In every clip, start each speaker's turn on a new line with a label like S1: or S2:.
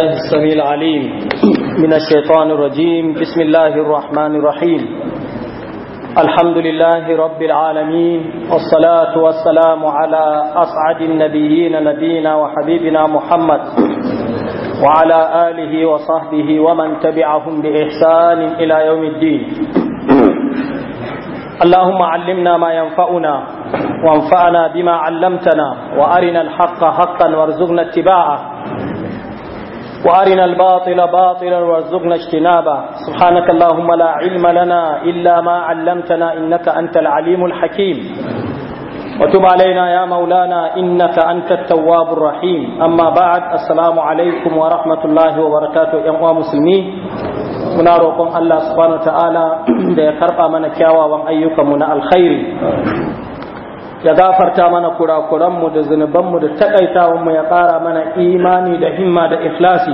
S1: السميع العليم من الشيطان الرجيم بسم الله الرحمن الرحيم الحمد لله رب العالمين والصلاة والسلام على أسعد النبيين نبينا وحبيبنا محمد وعلى آله وصحبه ومن تبعهم بإحسان إلى يوم الدين اللهم علمنا ما ينفعنا وانفعنا بما علمتنا وأرنا الحق حقا وارزقنا اتباعه وارنا الباطل باطلا وارزقنا اجتنابه سبحانك اللهم لا علم لنا الا ما علمتنا انك انت العليم الحكيم وتب علينا يا مولانا انك انت التواب الرحيم اما بعد السلام عليكم ورحمه الله وبركاته يا مسلمين muna roƙon Allah subhanahu ta'ala da ya karɓa mana kyawawan ayyukanmu na alkhairi ya gafarta mana kurakuranmu da zunubanmu da takaitawanmu ya ƙara mana imani da himma da ikhlasi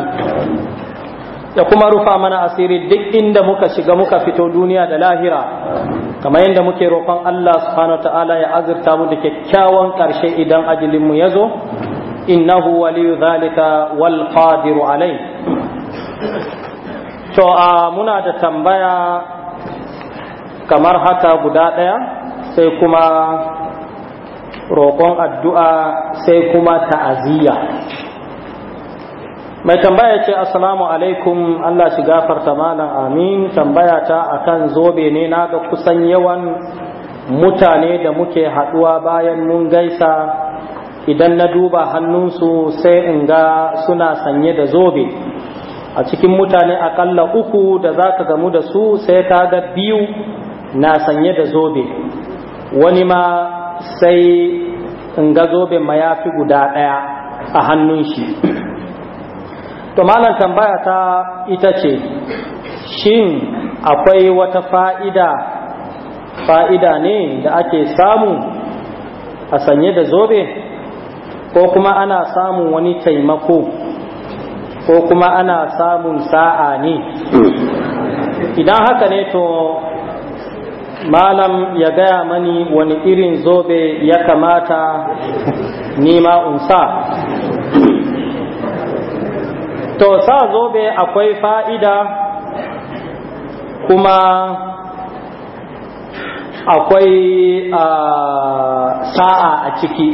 S1: ya kuma rufa mana asiri duk inda muka shiga muka fito duniya da lahira kamar yadda muke roƙon Allah subhanahu ta'ala ya azurta mu da kyakkyawan ƙarshe idan ajilinmu ya zo innahu waliyu zalika wal qadiru alai to a muna da tambaya kamar haka guda ɗaya sai kuma roƙon addu'a sai kuma ta'aziyya mai tambaya ce asalamu alaikum Allah shi gafarta malam amin tambaya ta a kan zobe ne na ga kusan yawan mutane da muke haɗuwa bayan mun gaisa idan na duba hannunsu sai in ga suna sanye da zobe a cikin mutane akalla uku da za ka gamu da su sai ka ga biyu na sanye da zobe wani ma sai in ga zoben mayafi guda ɗaya a hannun shi to malam tambaya ta ita ce shin akwai wata fa'ida fa'ida ne da ake samu a sanye da zobe ko kuma ana samun wani taimako ko kuma ana samun sa'a ne idan haka ne to malam ya gaya mani wani irin zobe ya kamata nima unsa to sa zobe akwai fa'ida kuma akwai sa'a a ciki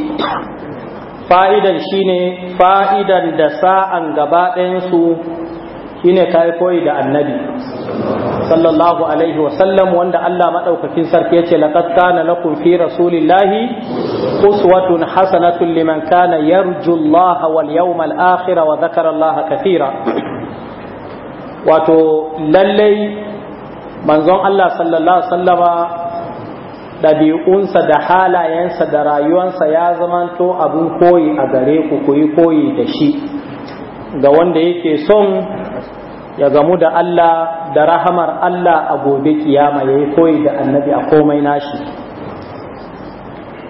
S1: fa'idan shine fa'idan da sa'an gaba ɗayansu shine kai koyi da annabi sallallahu alaihi wa sallam wanda Allah madaukakin sarki yace laqad kana lakum fi rasulillahi uswatun hasanatun liman kana yarju Allah wal yawmal akhir wa dhakara Allah kathira wato lallai manzon Allah sallallahu alaihi wasallama ɗabi'unsa da halayensa da rayuwansa ya zamanto abin koyi a gare ku ku yi koyi da shi ga wanda yake son ya gamu da Allah da rahamar Allah a gobe kiyama ya yi koyi da annabi a komai nashi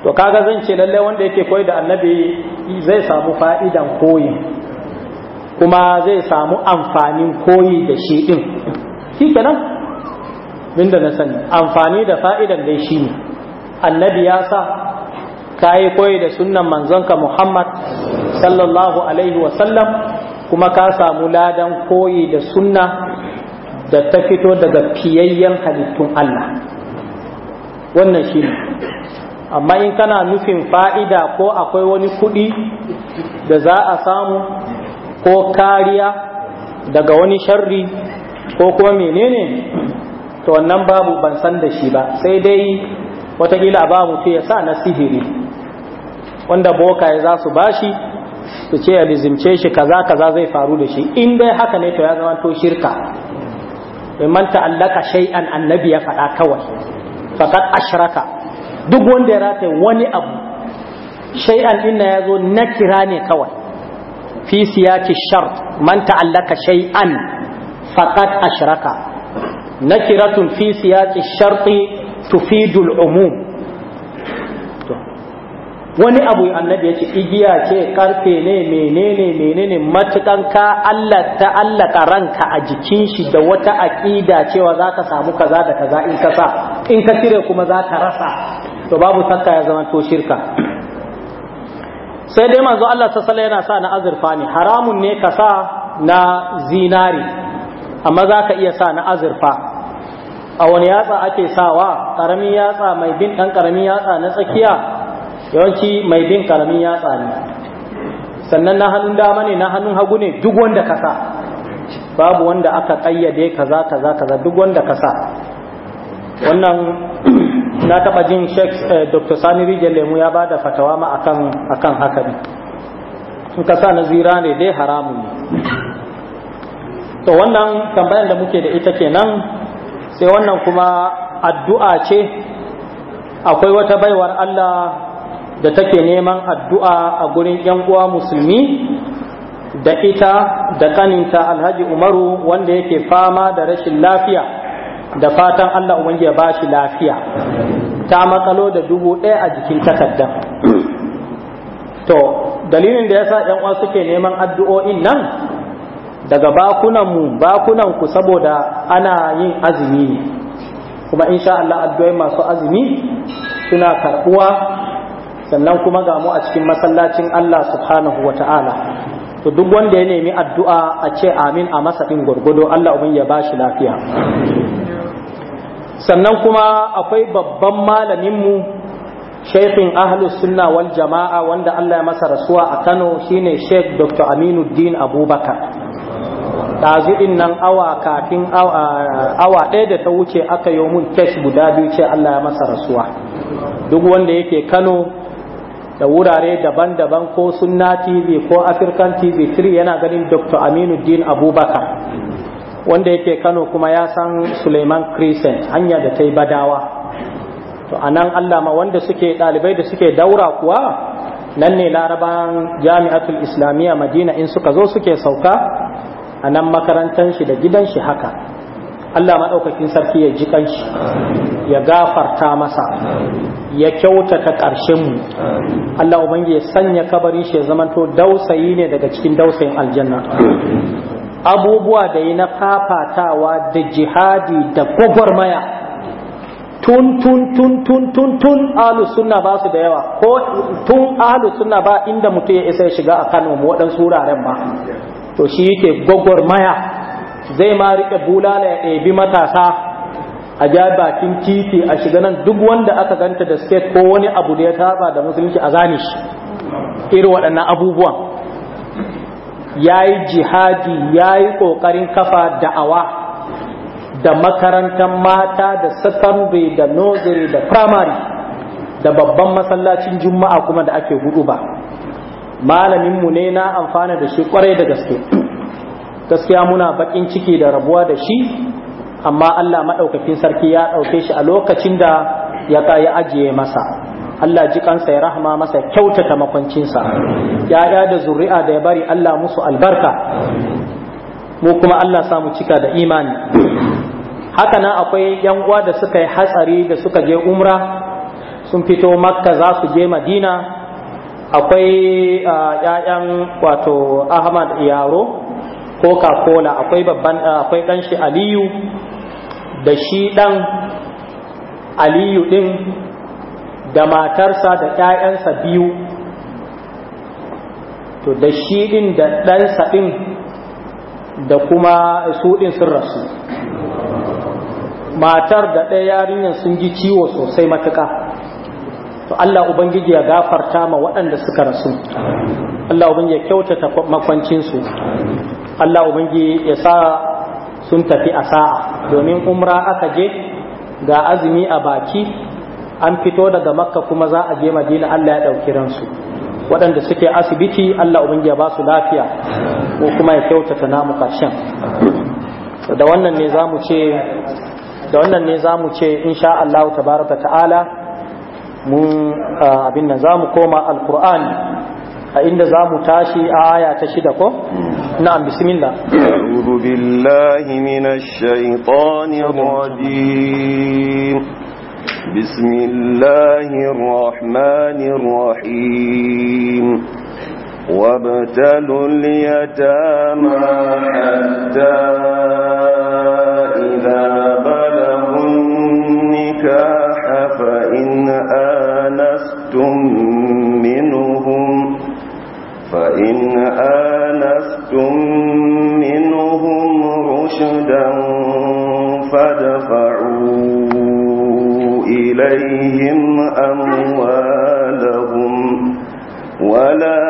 S1: to kaga zan ce lallai wanda yake koyi da annabi zai samu fa'idan koyi kuma zai samu amfanin koyi da shi ɗin shi kenan min da na sani amfani da fa'idan dai shi ne annabi ya sa ka yi koyi da sunnan Manzanka Muhammad sallallahu alaihi wasallam kuma ka samu ladan koyi da sunna da ta fito daga fiyayyen halittun Allah wannan shi ne amma in kana nufin fa'ida ko akwai wani kuɗi da za a samu ko kariya daga wani sharri ko kuma menene to wannan babu ban san da shi ba sai dai watakila babu ya sa na sihiri wanda boka ya za su bashi su ce ya lizimce shi kaza kaza zai faru da shi in dai haka ne to ya zama to shirka man ta'allaka shay'an annabi ya faɗa kawai faqad ashraka duk wanda ya rataye wani abu shay'an din ya zo na kira ne kawai fi siyaki shart man ta'allaka shay'an faqad ashraka nakiratun fi siyaki sharti tufidul umum wani abu annabi ya ce igiya ce karfe ne menene menene matukan Allah ta Allah ranka a jikin shi da wata aqida cewa zaka samu kaza da kaza in ka sa in ka kuma zaka rasa to babu sakka ya zama to shirka sai dai manzo Allah ta sallaya yana sa na azurfa ne haramun ne ka sa na zinari amma zaka iya sa na azurfa a wani yatsa ake sawa ƙaramin yatsa mai bin ɗan karamin yatsa na tsakiya yawanci mai bin karamin yatsa ne sannan na hannun dama ne na hannun hagu ne duk wanda ka sa babu wanda aka kayyade kaza kaza kaza duk wanda ka sa wannan na taba jin shek eh, Dr. Sani rijiyar Lemu ya ba da fatawa ma akan haka ne in ka sa nazira ne dai haramun ne to wannan tambayar da muke da ita kenan sai wannan kuma addu'a ce akwai wata baiwar Allah da take neman addu'a a gurin ‘yan uwa musulmi da ita da kaninta alhaji umaru wanda yake fama da rashin lafiya da fatan Allah ubangi ya bashi lafiya ta matsalo da dubu ɗaya a jikin takardar to dalilin da yasa ‘yan uwa suke neman addu'o'in nan daga bakunan bakunanmu bakunanku saboda ana yin azumi ne kuma insha Allah addu'ai masu azumi suna karɓuwa sannan kuma ga mu a cikin masallacin Allah subhanahu wa ta'ala to duk wanda ya nemi addu'a a ce amin a masa ɗin gwargwado Allah ubin ya bashi lafiya sannan kuma akwai babban malaminmu shaifin ahlus sunna wal jama'a wanda Allah ya masa rasuwa a Kano shine Sheikh Dr. Aminuddin Abubakar ɗazuɗin nan awa kafin awa ɗaya da ta wuce aka yi mun kes guda biyu ce Allah ya masa rasuwa duk wanda yake Kano da wurare daban-daban ko sunna tv ko african tv 3 yana ganin dr aminu din abubakar wanda yake kano kuma ya san suleiman crescent hanya da ta yi badawa to a nan allama wanda suke ɗalibai da suke daura kuwa nan ne laraban jami'atul islamiyya madina in suka zo suke sauka a nan makarantar shi da gidan shi haka Allah maɗaukakin sarki ya ji ƙanshi ya gafarta masa ya kyautata ƙarshen mu Allah ubangi ya sanya kabarin shi ya zamanto dausayi ne daga cikin dausayin aljanna abubuwa da yi na fafatawa da jihadi da gwagwarmaya tun tun tun tun tun tun alu sunna ba su da yawa ko tun ahlu sunna ba inda mutum ya isa ya shiga a Kano mu waɗansu wuraren ba to shi yake gwagwarmaya zai ma rike bulala ya ɗebi matasa a ja bakin titi a shiga nan duk wanda aka ganta da set ko wani abu da ya taba da musulunci a zane shi irin waɗannan abubuwan ya yi jihadi ya yi ƙoƙarin kafa da'awa da makarantar mata da sakandare da nozari da firamare da babban masallacin juma'a kuma da ake gudu ba malaminmu ne na amfana da shi kwarai da gaske gaskiya muna bakin ciki da rabuwa da shi amma Allah maɗaukakin sarki ya ɗauke shi a lokacin da ya ya ajiye masa Allah ji kansa ya rahama masa kyautata makwancinsa ya da zuri'a da ya bari Allah musu albarka mu kuma Allah samu cika da imani haka nan akwai yan uwa da suka yi hatsari da suka je umra sun fito makka za su je madina akwai ah, 'ya'yan wato ahmad yaro coca cola akwai babban eh, akwai dan shi aliyu da shi dan aliyu din da matarsa da ƴaƴansa biyu to da shi din da ɗansa din da kuma su din sun rasu matar da ɗaya yarinyar sun ji ciwo sosai matuƙa to Allah ubangiji ya gafarta ma waɗanda suka rasu Allah ubangiji ya kyautata makwancin Allah ubangiji ya sa sun tafi a sa'a domin umra aka je ga azumi a baki an fito daga makka kuma za a je madina Allah ya ɗauki ransu waɗanda suke asibiti Allah ubangiji ya ba su lafiya ko kuma ya kyautata namu ƙarshen da wannan ne za mu ce da wannan ne za ce insha Allah tabaraka ta'ala mun abin nan zamu koma alkur'ani a inda zamu tashi a aya ta shida ko na'am bismillah
S2: a'udhu billahi minash shaitanir rajim bismillahir rahmanir rahim وابتلوا اليتامى حتى فإن آنستم منهم رشدا فادفعوا إليهم أموالهم ولا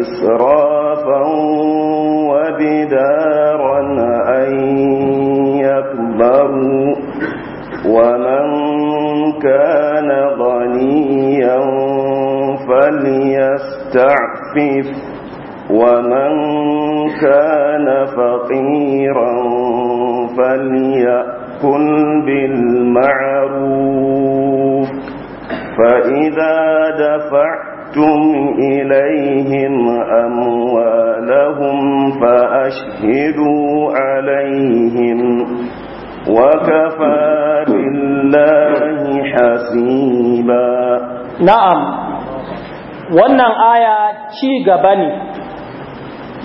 S2: إسرافا أن يكبروا ومن كان يستعفف ومن كان فقيرا فليأكل بالمعروف فإذا دفعتم إليهم أموالهم فأشهدوا عليهم وكفى بالله حسيبا نعم wannan aya
S1: ci gaba ne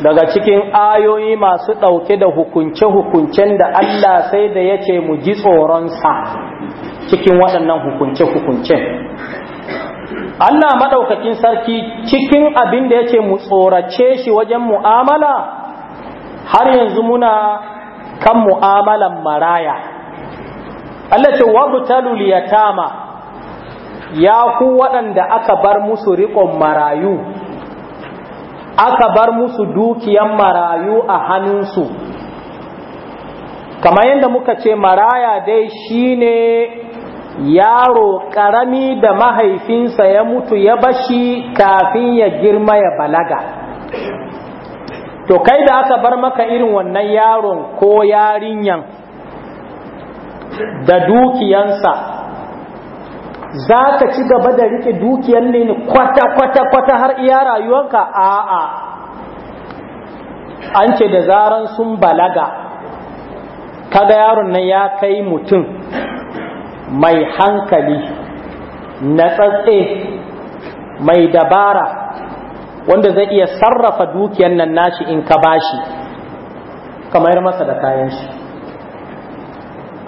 S1: daga cikin ayoyi masu ɗauke da hukunce-hukuncen da Allah sai da ya ce mu ji tsoronsa cikin waɗannan hukunce-hukuncen. Allah maɗaukakin sarki cikin abin da ya ce mu tsorace shi wajen mu'amala har yanzu muna kan mu'amalan maraya. Allah ce wa butalul yatama ya ku waɗanda aka bar musu riƙon marayu aka bar musu dukiyan marayu a hannunsu kamar yadda muka ce maraya dai shi ne yaro ƙarami da mahaifinsa ya mutu ya bashi kafin ya girma ya balaga to kai da aka bar maka irin wannan yaron ko yarinyan da dukiyansa za ka ci gaba da rike dukiyar ne kwata-kwata-kwata har iya rayuwanka a'a an ce da zaran sun balaga kaga yaron nan ya kai mutum mai hankali na tsatse mai dabara wanda zai iya sarrafa dukiyar nan nashi in ka bashi kamar masa da kayan shi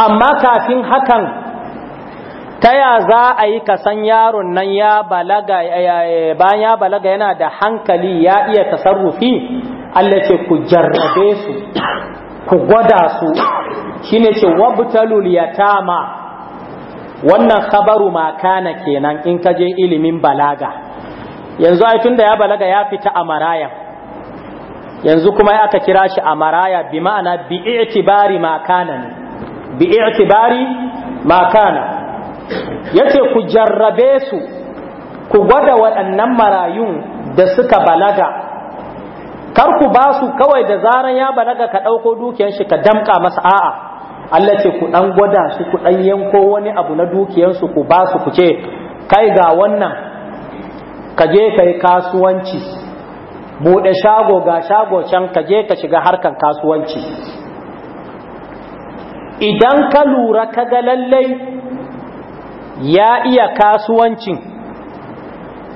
S1: amma kafin hakan ta ya za a yi kasan yaron nan ya balaga bayan ya balaga yana da hankali ya iya tasarrufi Allah ce ku jarrabe su ku gwada su shine ce wabtalul yatama wannan khabaru makana kenan in ka je ilimin balaga yanzu ai tunda ya balaga ya fita a maraya yanzu kuma aka kira shi a maraya bi ma'ana bi i'tibari makana ne bi i'tibari makana yace ku jarrabe su ku gwada waɗannan marayun da suka balaga kar ku ba su kawai da zaran ya balaga ka ɗauko dukiyar shi ka damƙa masa a'a Allah ce ku ɗan gwada su ku ɗan yanko wani abu na dukiyarsu ku ba su ku ce kai ga wannan ka je ka kasuwanci buɗe shago ga shago can ka je ka shiga harkar kasuwanci idan ka lura ka ga lallai ya iya kasuwancin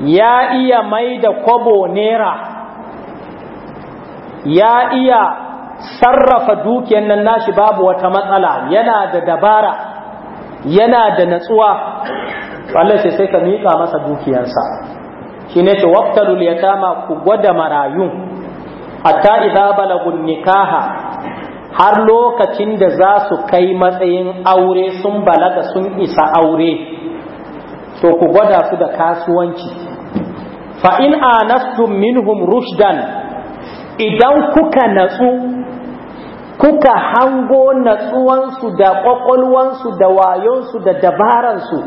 S1: ya iya mai da kwabo nera ya iya sarrafa dukiyar nan nashi babu wata matsala yana da dabara yana da natsuwa Allah sai sai ka miƙa masa dukiyansa shi ne ce waftalul yatama ku gwada marayun hatta idza balagun nikaha har lokacin da za su kai matsayin aure sun balaga sun isa aure to ku gwada su da kasuwanci fa in anastum minhum rushdan idan kuka natsu kuka hango natsuwansu da ƙwaƙwalwansu da wayonsu da dabaransu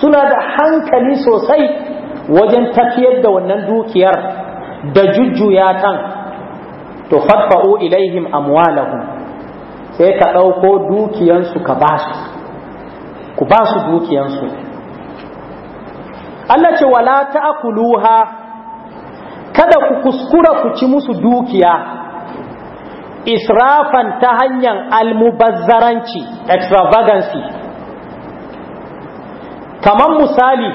S1: suna da hankali sosai wajen tafiyar da wannan dukiyar da jujjuya kan to fadfa'u ilaihim amwalahum sai ka ɗauko dukiyansu ka ba su ku ba su dukiyansu Allah ce wala ta'kuluha kada ku kuskura ku ci musu dukiya israfan ta hanyar almubazzaranci extravagancy kamar misali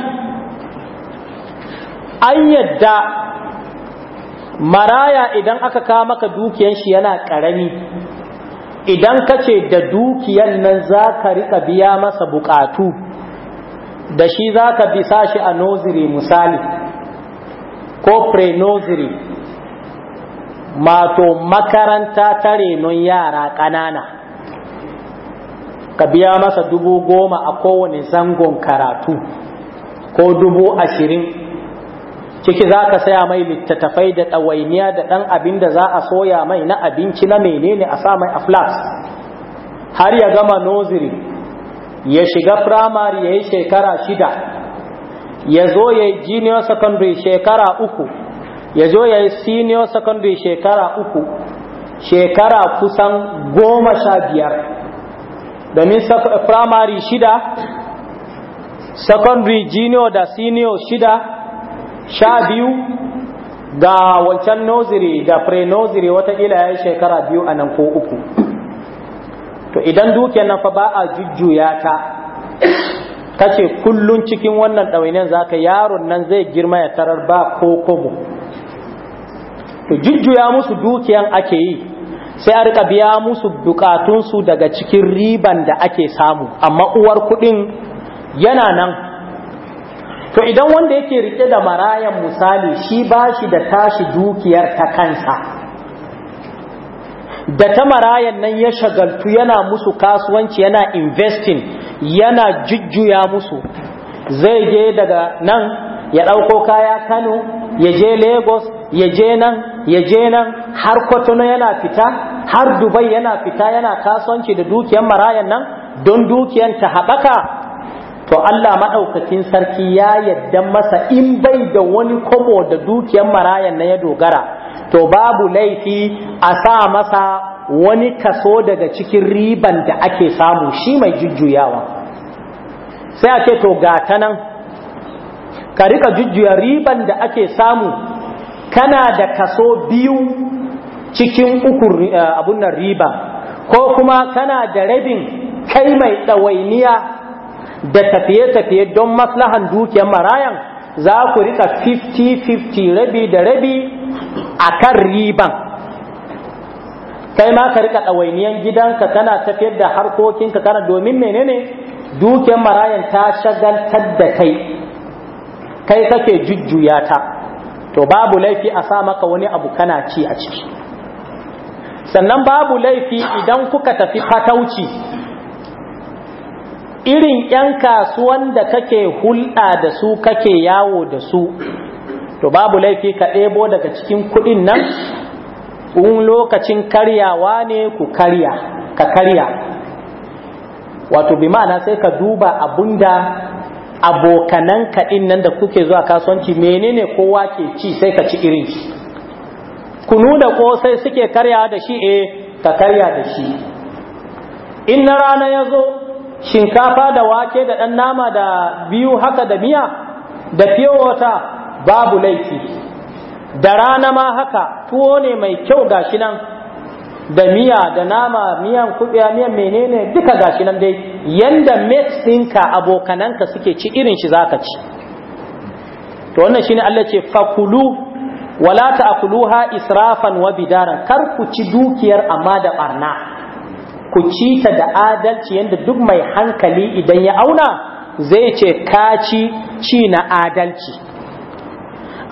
S1: an yadda maraya idan aka kawo maka dukiyan shi yana ƙarami idan ka ce da dukiyan nan za ka riƙa biya masa buƙatu da shi za ka bisa shi a noziri misali ko pre-noziri mato makaranta ta renon yara ƙanana ka biya masa dubu goma a kowane zangon karatu ko dubu ashirin ciki za ka saya mai littattafai da ɗawainiya da ɗan abin da za a soya mai na abinci na menene a sa mai a flax har ya gama noziri ya shiga firamari ya yi shekara shida ya zo ya yi junior secondary shekara uku ya zo ya yi senior secondary shekara uku shekara kusan goma sha biyar domin firamari shida secondary junior da senior shida sha biyu ga wancan noziri da pre-noziri watakila ya yi shekara biyu a nan ko uku to idan dukiyar nan fa ba a jujjuya ta ce kullum cikin wannan ɗawainiyar za zaka yaron nan zai girma ya tarar ba ko kobo to jujjuya musu dukiyan ake yi sai a rika biya musu bukatunsu daga cikin riban da ake samu amma uwar kuɗin yana nan to idan wanda yake rike da marayan misali shi ba shi da tashi dukiyar ta kansa da ta marayan nan ya shagaltu yana musu kasuwanci yana investing yana jujjuya musu zai je daga nan ya ɗauko kaya kano ya je lagos ya je nan ya je nan har kwatano yana fita har dubai yana fita yana kasuwanci da dukiyar marayan nan don dukiyar ta haɓaka to Allah maɗaukakin sarki ya yadda masa in bai da wani kobo da dukiyar marayan na ya dogara to babu laifi a sa masa wani kaso daga cikin riban da ake samu shi mai jujjuyawa sai a ce to gata nan ka rika jujjuya riban da ake samu kana da kaso biyu cikin uku eh, abun riba ko kuma kana da rabin kai mai ɗawainiya da tafiye-tafiye don maslahan dukiyar marayan za ku rika 50-50 rabi da rabi a kan riban kai ma ka rika ɗawainiyar gidanka kana tafiyar da harkokinka kana domin menene dukiyar marayan ta shagaltar da kai kai kake jujjuya ta to babu laifi a sa maka wani abu kana ci a ciki sannan babu laifi idan kuka tafi fatauci irin 'yan kasuwan da kake hulɗa da su kake yawo da su to babu laifi ka ɗebo daga cikin kuɗin nan un lokacin karyawa ne ku karya ka karya wato bi ma'ana sai ka duba abunda abokanan kaɗin nan da kuke zuwa kasuwanci menene kowa ke ci sai ka ci irin shi nuna ko sai suke karyawa da shi eh ka karya da shi in na rana ya zo shinkafa da wake da ɗan nama da biyu haka da miya da wata babu laifi da rana ma haka tuwo ne mai kyau gashi nan da miya da nama miyan kuɓiya miyan menene duka gashi nan dai yanda mates ɗinka abokananka suke ci irin shi zaka ci to wannan shine Allah ce fakulu wala ta'kuluha israfan wa bidaran kar ku ci dukiyar amma da barna ku ci ta da adalci yadda duk mai hankali idan ya auna zai ce ka ci ci na adalci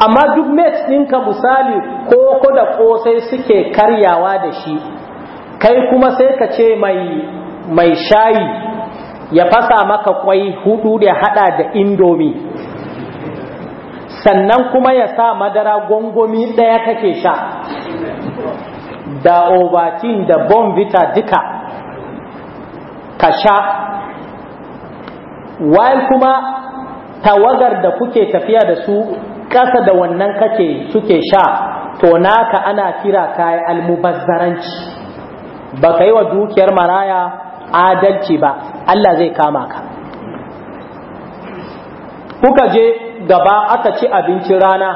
S1: amma duk mates ɗinka misali ko ko da kosai suke karyawa da shi kai kuma sai ka ce mai mai shayi ya fasa maka kwai hudu da hada da indomi sannan kuma ya sa madara gongomi daya kake sha da obatin da bombita duka ka sha wayan kuma tawagar da kuke tafiya da su ƙasa da wannan kake suke sha to naka ana kira kayan almubazzaranci ba ka yi wa dukiyar maraya adalci ba Allah zai kama ka kuka je gaba aka ci abincin rana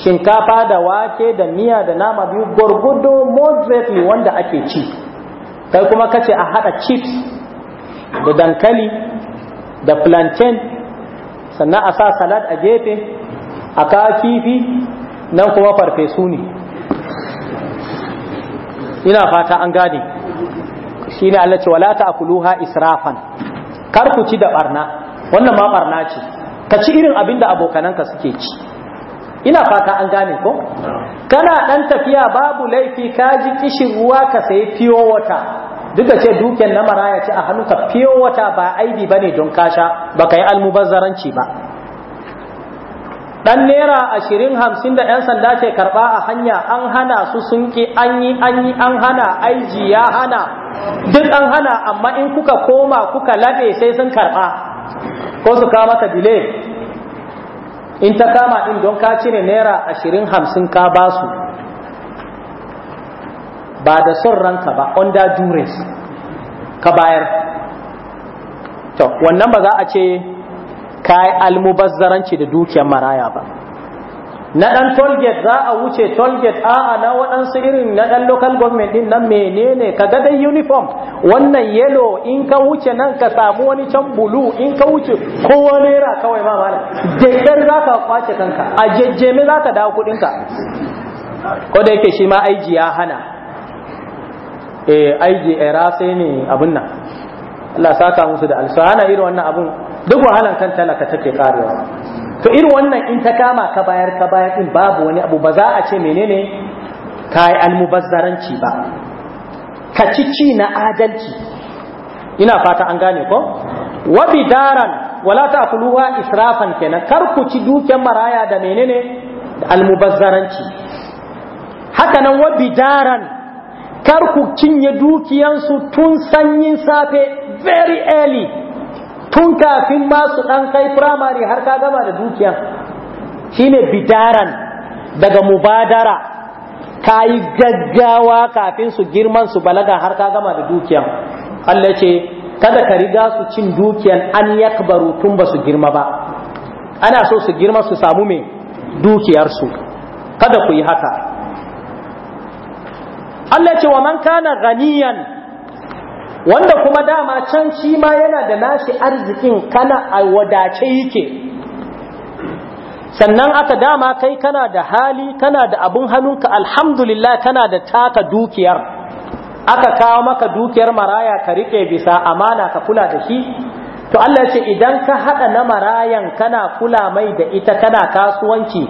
S1: shinkafa da wake da miya da nama biyu gwargwado moderately wanda ake ci kai kuma kace a hada chips da dankali da plantain sannan a sa salad a gefe a kawo kifi nan kuma farfesu ne ina fata an gane shi ne Allah ce wala ta'kuluha israfan kar ku ci da barna
S2: wannan ma barna
S1: ce ka ci irin abinda abokananka suke ci ina fata an gane ko kana dan tafiya babu laifi ka ji kishin ruwa ka sayi pure wata? duka ce duken na maraya ce a hannu ka fiyo wata ba aibi bane don kasha ba kai yi almubazzaranci ba dan naira ashirin hamsin da yan sanda ce karba a hanya an hana su sun an yi an yi an hana aiji ya hana duk an hana amma in kuka koma kuka labe sai sun karba ko su kawo maka delay in ta kama din don ka cire naira ashirin hamsin ka ba su ba da son ranka ba under duress ka bayar to wannan ba za a ce ka yi almubazzaranci da dukiyar maraya ba na ɗan tolgate za a wuce tolgate a'a na waɗansu irin na ɗan local government ɗin nan menene ka ga dai uniform wannan yellow in ka wuce nan ka samu wani can blue in ka wuce kowa naira kawai ma mana daidai za ka kwace kanka a jejjeme za ka dawo kuɗinka ko da yake shi ma aiji ya hana eh aiji era sai ne abun nan Allah saka musu da alsa hana irin wannan abun duk wahalan kan talaka take karewa to irin wannan in ta kama ka bayar ka bayar din babu wani abu ba za a ce menene ka yi almubazzaranci ba ka ci ci na adalci ina fata an gane ko wa daran wala ta'kuluha israfan kenan kar ku ci dukiyar maraya da menene almubazzaranci haka nan wa Daran, kar ku cinye dukiyansu tun sanyin safe very early tun kafin masu su ɗan kai firamare har ka gama da dukiya shine bidaran daga mubadara ka yi gaggawa kafin su girman su balaga har ka gama da dukiya Allah ce kada ka riga su cin dukiyan an yakbaru tun ba su girma ba ana so su girma su samu mai dukiyarsu kada ku yi haka Allah ce wa man kana ganiyan wanda kuma dama can shi ma yana da nashi arzikin kana a wadace yake sannan aka dama kai kana da hali kana da abun hannunka alhamdulillah kana da taka dukiyar aka kawo maka dukiyar maraya ka rike bisa amana ka kula da shi to Allah ya ce idan ka hada na marayan kana kula mai da ita kana kasuwanci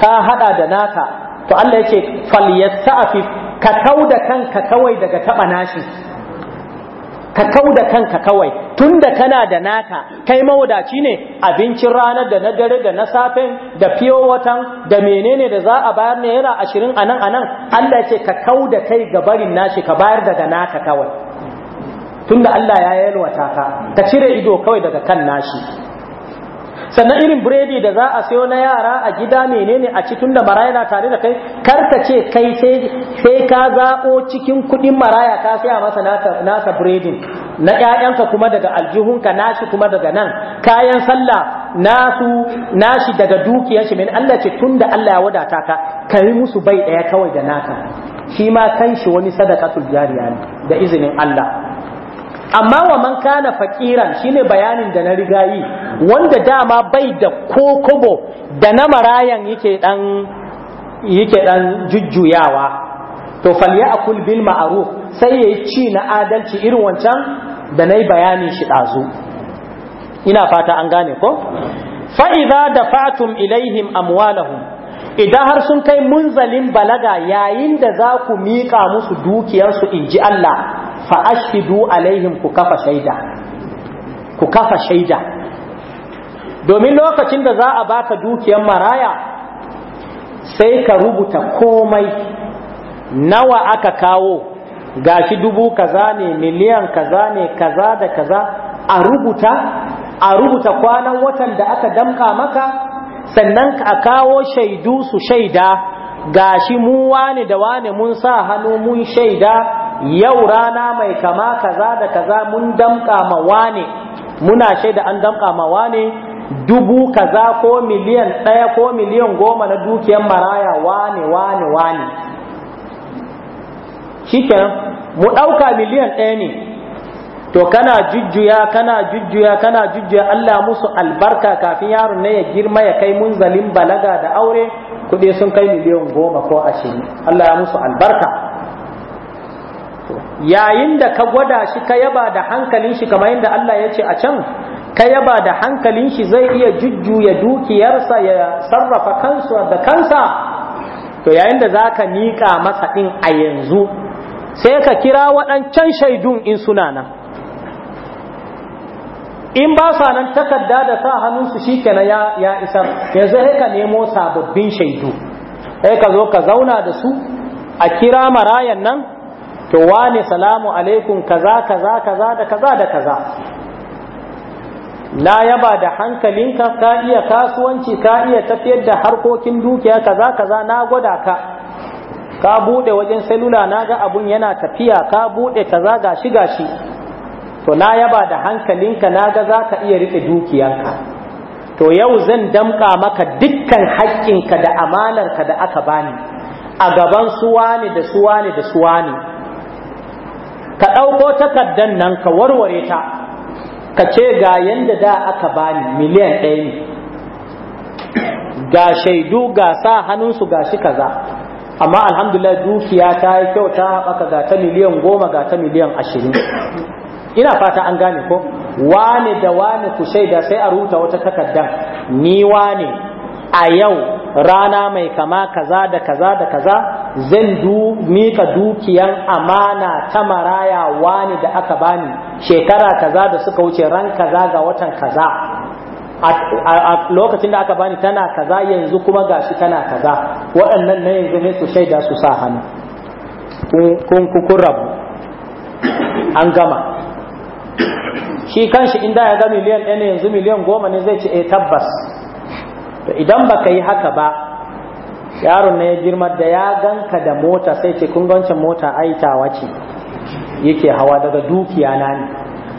S1: ka hada da naka to Allah ya ce falyasta'afif ka kauda kanka kawai daga taba nashi ka kau da kanka kawai tun da kana da naka kai mawadaci ne abincin ranar da na dare da na safe da fiyo watan da menene da za a bayar ne yana ashirin a nan a nan Allah ce ka kau da kai ga barin nashi ka bayar daga naka kawai tunda Allah ya yalwata ka ka cire ido kawai daga kan nashi sannan irin biredi da za a sayo na yara a gida menene a cikin da maraya na tare da kai karka ce kai sai ka zaɓo cikin kuɗin maraya ka saya masa nasa biredin na ƴaƴanka kuma daga aljihunka nashi kuma daga nan kayan sallah nasu nashi daga dukiyar shi min Allah ce tunda Allah ya wadata ka ka yi musu bai ɗaya kawai da naka shi ma kan shi wani sadakatul jariya ne da izinin Allah amma wa man kana fakiran shine bayanin da na riga yi wanda dama bai da ko da na marayan yake dan yake dan jujjuyawa to falyakul bil ma'ruf sai yayi ci na adalci irin wancan da nayi bayanin shi dazu ina fata an gane ko fa idza dafa'tum ilaihim amwalahum
S2: idan har sun
S1: kai munzalin balaga yayin da za ku miƙa musu dukiyarsu in ji Allah fa ashidu alaihim ku kafa shaida ku kafa shaida domin lokacin da za a baka dukiyar maraya sai ka rubuta komai nawa aka kawo gashi dubu kaza ne miliyan kaza ne kaza da kaza a rubuta a rubuta kwanan watan da aka damka maka sannan a kawo shaidu su shaida gashi mu wane da wane mun sa hannu mun shaida yau rana mai kama kaza da kaza mun damka ma wane muna shaida an damka ma wane dubu kaza ko miliyan ɗaya ko miliyan goma na dukiyar maraya wane wane wane shikenan mu ɗauka miliyan ɗaya ne to kana jujjuya kana jujjuya kana jujjuya Allah musu albarka kafin yaron ne ya girma ya kai munzalin balaga da aure kuɗi sun kai miliyan goma ko ashirin Allah ya musu albarka yayin da ka gwada shi ka yaba da hankalin shi kamar yadda Allah ya ce a can ka yaba da hankalin shi zai iya jujjuya dukiyarsa ya sarrafa kansu da kansa to yayin da za ka niƙa masa ɗin a yanzu sai ka kira waɗancan shaidun in suna nan in ba sa nan takarda da sa hannunsu shi kenan ya, ya isar yanzu sai ka nemo sababbin shaidu sai ka zo ka zauna da su a kira marayan nan to wane salamu alaikum kaza kaza kaza da kaza da kaza la yaba da hankalinka ka iya kasuwanci ka iya tafiyar da harkokin dukiya kaza kaza na gwada ka ka bude wajen salula na ga abun yana tafiya ka bude kaza gashi gashi to na yaba da hankalinka na ga za iya rike dukiyarka to yau zan damka maka dukkan haƙƙinka da amanarka da aka bani a gaban suwani da suwani da suwani ka ɗauko takardar nan ka warware ta ka ce ga yanda da aka bani miliyan ɗaya ne ga shaidu ga sa hannunsu ga shi kaza amma alhamdulillah dukiya ta yi kyau ta haɓaka ga ta miliyan goma ga ta miliyan ashirin ina fata an gane ko wane da wane ku shaida sai a ruta wata takardar ni wane a yau rana mai kama kaza da kaza da kaza zan du mika dukiyan amana ta maraya wani da aka bani shekara kaza da suka wuce ran kaza ga watan kaza a lokacin da aka bani tana kaza yanzu kuma gashi tana kaza waɗannan na yanzu ne su shaida su sa hannu kun kun rabu an gama shi kanshi inda ya ga miliyan ɗaya yanzu miliyan goma ne zai ce eh tabbas to idan baka yi haka ba yaron na ya girma da ya ganka da mota sai ce kun mota aitawa ce yake hawa daga dukiya na ne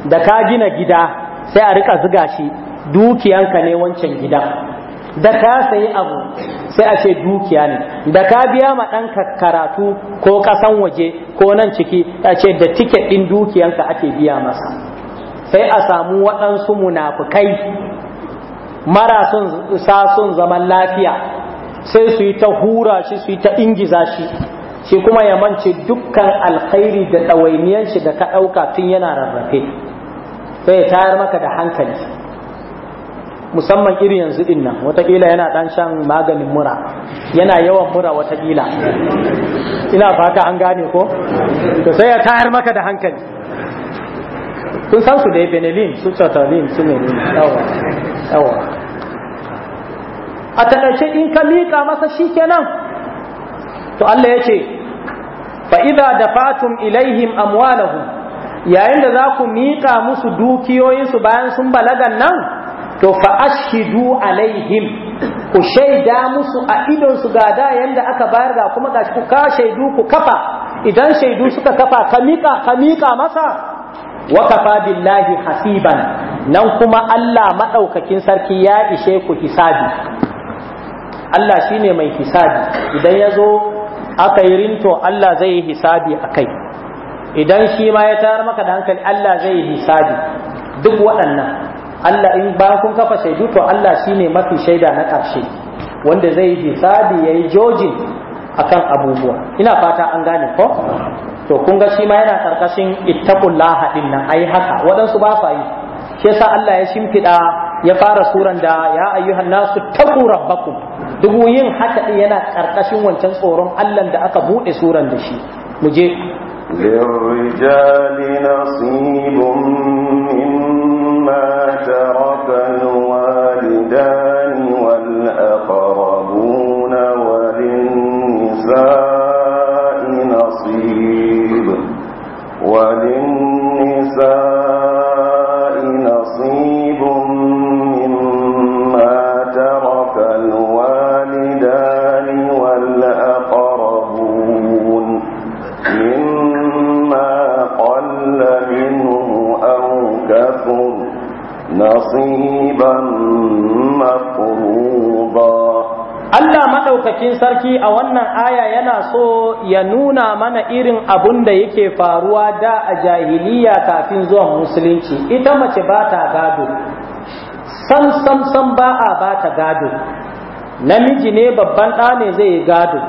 S1: da ka gina gida sai a rika ziga shi dukiyanka ne wancan gidan da ka sayi abu sai a ce dukiya ne da ka biya ma ɗanka karatu ko ƙasan waje ko nan ciki a ce da tiket ɗin dukiyanka ake biya masa sai a samu waɗansu munafukai mara sa sun zaman lafiya sai su yi ta hura shi su yi ta ingiza shi shi kuma ya mance dukkan alkhairi da ɗawainiyar shi da ka ɗauka tun yana rarrafe sai ya tayar maka da hankali musamman iri yanzu din nan watakila yana ɗan shan maganin mura yana yawan mura watakila ina fata an gane ko to sai ya tayar maka da hankali kun san su da benelin su tatalin su ne yawa yawa a taƙaice in ka miƙa masa shi kenan to Allah ya ce fa'iza da fatun ilaihim amwalahu yayin da za ku miƙa musu dukiyoyinsu bayan sun balagan nan to fa'ashidu alaihim ku shaida musu a idonsu ga da yanda aka bayar ga kuma gashi ku ka shaidu ku kafa idan shaidu suka kafa ka miƙa ka miƙa masa wa kafa billahi hasiban nan kuma Allah madaukakin sarki ya ishe ku hisabi Allah shine mai hisabi idan ya zo aka yi rinto Allah zai yi hisabi a kai idan shi ma ya tayar maka da hankali Allah zai yi hisabi duk waɗannan Allah in ba kun kafa shaidu to Allah shine mafi shaida na ƙarshe wanda zai yi hisabi ya yi jojin akan abubuwa ina fata an gane ko to kun ga shi ma yana karkashin ittaqullaha din nan ai haka waɗansu ba sa yi shi yasa Allah ya shimfiɗa ya fara suran da ya ayyuhan nasu taqu rabbakum dubu yin haka yana ƙarƙashin wancan tsoron Allah da aka buɗe suran da shi mu je
S2: lirrijali نصيبا مفروضا
S1: Allah maɗaukakin sarki a wannan aya yana so ya nuna mana irin abun da yake faruwa da a jahiliya kafin zuwan musulunci ita mace ba ta gado san san san ba a ba ta gado namiji ne babban ɗa ne zai yi gado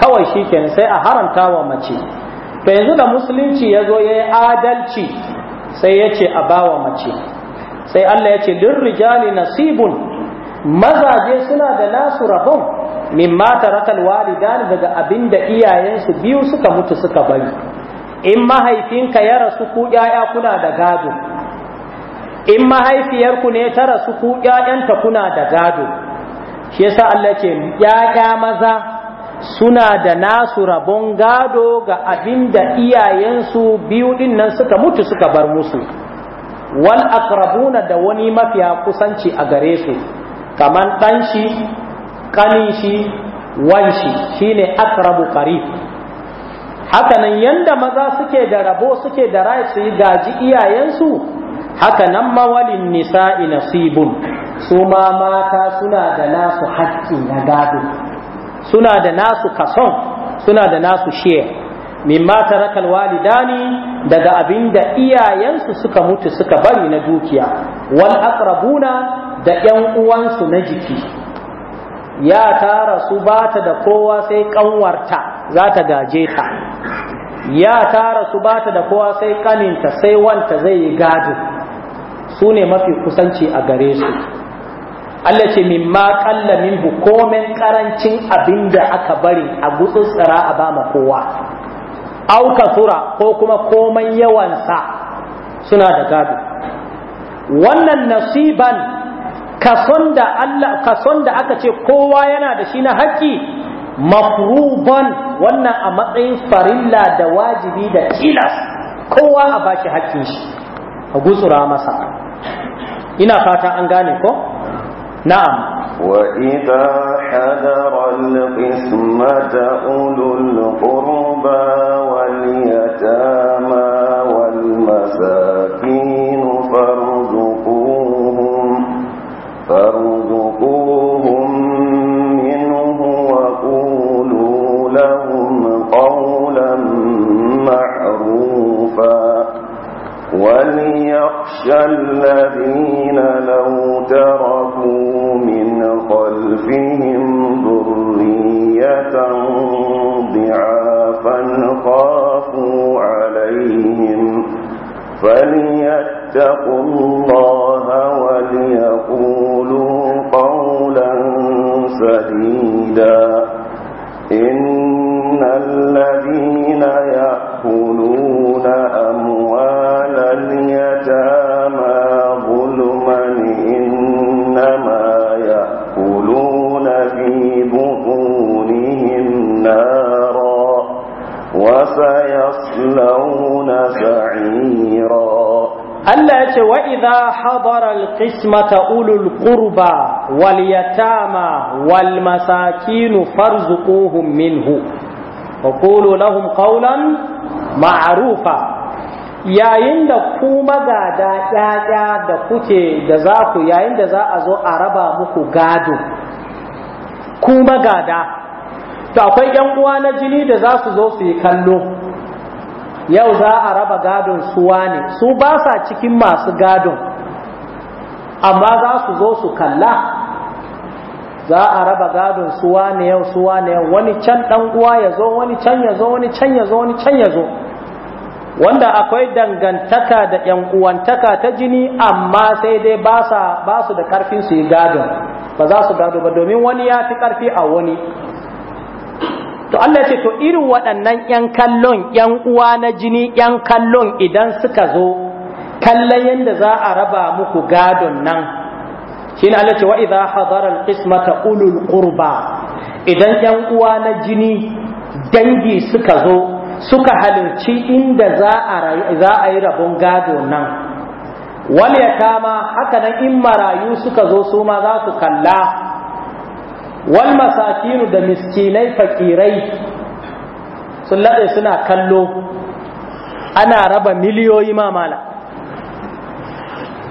S1: kawai shi sai a haramta wa mace to yanzu da musulunci ya zo ya yi adalci sai yace a bawa mace sai Allah ya ce rijali nasibun mazaje suna da nasu rabon mata tarakal walidan daga abinda iyayensu biyu suka mutu suka bari in mahaifinka ya rasu ku ƴaƴa kuna da gado in mahaifiyarku ne ta rasu ku ƴaƴanta kuna da gado shi yasa Allah ce ƴaƴa maza suna da nasu rabon gado ga abinda iyayensu biyu dinnan suka mutu suka bar musu wal aqrabuna da wani mafiya kusanci a gare su kaman dan shi kani shi wan shi shine aqrabu qarib haka nan yanda maza suke da rabo suke da rai su yi gaji iyayensu haka nan mawalin nisa'i nasibun su ma mata suna da nasu haƙƙi na gado suna da nasu kason suna da nasu share mimma tarakal walidani daga abinda iyayensu suka mutu suka bari na dukiya wal aqrabuna da yan uwansu na jiki ya tara su bata da kowa sai kanwarta za ta gaje ta ya tara su bata da kowa sai kaninta sai wanta zai yi gado su ne mafi kusanci a gare su Allah ce min ma kalla min bu komen karancin abin aka bari a tsara a bama kowa Auka kasura ko kuma komai yawansa suna da gado wannan nasiban kason da Allah kason da aka ce kowa yana da shi na haƙƙi mafruban wannan a matsayin farilla da wajibi da tilas kowa a bashi haƙƙin shi a gutsura masa ina fata an gane ko na'am
S2: وإذا حذر القسمة أولو القربى واليتامى والمساكين فارزقوهم فارزقوهم منه وقولوا لهم قولا معروفا وَلْيَخْشَ الذين لو تركوا من خلفهم ذرية ضعافا خافوا عليهم فليتقوا الله وليقولوا قولا سديدا إن
S1: Allah ya ce wa idha hadara alqismata ulul qurba wal yatama wal masakin farzuquhum minhu wa qulu lahum qawlan ma'rufa yayin da ku magada ƴaƴa da kuke da za ku yayin da za a zo a raba muku gado ku magada to akwai ƴan uwa na jini da za su zo su yi kallo yau za a raba gadon suwa ne su ba sa cikin masu gadon amma za su zo su kalla za a raba gadon suwa ne yau suwa ne yau wani can dan uwa ya zo wani can ya zo wani can ya zo wani can ya zo wanda akwai dangantaka da yan uwantaka ta jini amma sai dai ba su da karfin su yi gadon ba za su gado ba domin wani ya fi karfi a wani to Allah ce to irin waɗannan ‘yan kallon ‘yan uwa na jini ‘yan kallon idan suka zo kallon yadda za a raba muku gadon nan shi ne Allah ce wa idha hadara al ulul idan ‘yan uwa na jini dangi suka zo suka halarci inda za a yi rabon gado nan Wani ya kama hakanan in marayu suka zo su ma za su kalla wal masakinu da miskinai fakirai sun laɗe suna kallo ana raba miliyoyi mamala